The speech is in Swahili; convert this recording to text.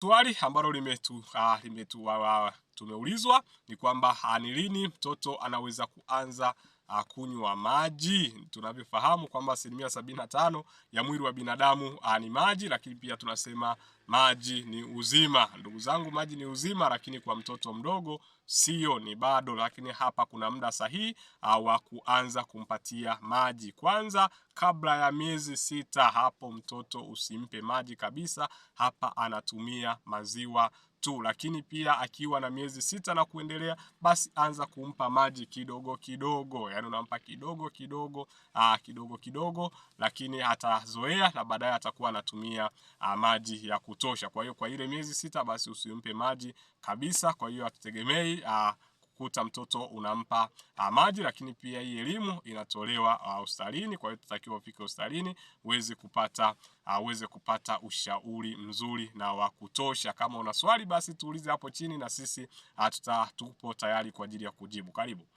Swali ambalo limetu, ah, limetu, tumeulizwa ni kwamba ah, ni lini mtoto anaweza kuanza ah, kunywa maji. Tunavyofahamu kwamba asilimia sabini na tano ya mwili wa binadamu ah, ni maji, lakini pia tunasema maji ni uzima. Ndugu zangu, maji ni uzima, lakini kwa mtoto mdogo sio, ni bado. Lakini hapa kuna muda sahihi ah, wa kuanza kumpatia maji kwanza kabla ya miezi sita, hapo mtoto usimpe maji kabisa. Hapa anatumia maziwa tu, lakini pia akiwa na miezi sita na kuendelea, basi anza kumpa maji kidogo kidogo, yani unampa kidogo kidogo aa, ah, kidogo kidogo, lakini atazoea na baadaye atakuwa anatumia ah, maji ya kutosha. Kwa hiyo kwa ile miezi sita, basi usimpe maji kabisa. Kwa hiyo hatutegemei ah, unakuta mtoto unampa ah, maji, lakini pia hii elimu inatolewa ah, hospitalini. Kwa hiyo tunatakiwa ufike hospitalini uweze kupata ah, uweze kupata ushauri mzuri na wa kutosha. Kama una swali basi tuulize hapo chini, na sisi tutatupo tayari kwa ajili ya kujibu. Karibu.